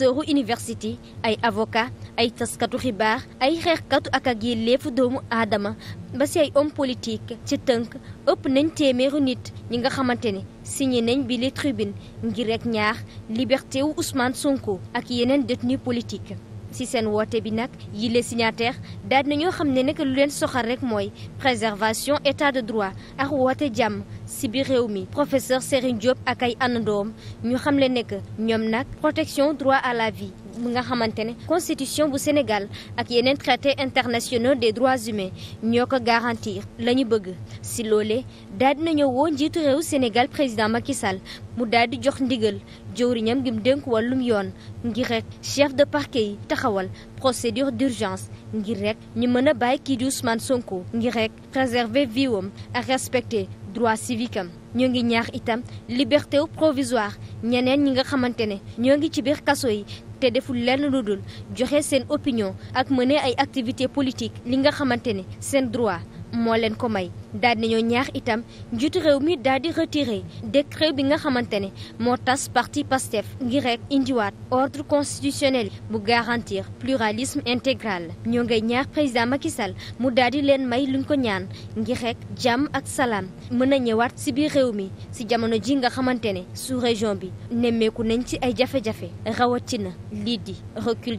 professeuru université ay avocat ay taskatu xibaar ay xeexkatu ak ak yelleefu doomu aadama ba si ay homme politique ci tënk ëpp nañ téeméeru nit ñi nga xamante ni signé nañ bi les tribune ngir rek ñaax liberté wu Ousmane Sonko ak yeneen détenu politique ci seen woote bi nag yile signataire daal nañoo xam ne nag lu leen soxal rek mooy préservation état de droit ak woote jàmm si biir réew mi professeur Serigne Diop ak ay àndandoom ñu xam le ne que ñoom nag protection droit à la vie bi nga xamante ne constitution bu Sénégal ak yeneen traité internationaux des droits humains ñoo ko garantir la ñu bëgg si loole daal di nañoo woo njiitu réew Sénégal président Macky Sall mu daal di jox ndigal jëwriñam gi mu dénk wàllum yoon ngir rek chef de parquet yi taxawal procédure d'urgence ngir rek ñu mën a bàyyi kii di Ousmane Sonko ngir rek préserver vie am ak droit civique ñoo ngi ñaax itam liberté provisoire ñeneen ñi nga xamante ne ñoo ngi ci biir kaso yi te deful lenn lu dul joxe seen opinion ak mëne ay activité politique li nga xamante ne seen droit moo leen ko may daal nañoo ñaax itam njiitu réew mi daal di retiré décret bi nga xamante ne moo tas parti Pastef ngi rek indiwaat ordre constitutionnel bu garantir pluralisme intégral ñoo ngay ñaax président Macky Sall mu daal di leen may luñ ko ñaan ngi rek jàmm ak salaam mën a ñëwaat ci biir réew mi ci jamono ji nga xamante ne su région bi nemmeeku nañ ci ay jafe-jafe rawatina lii di recul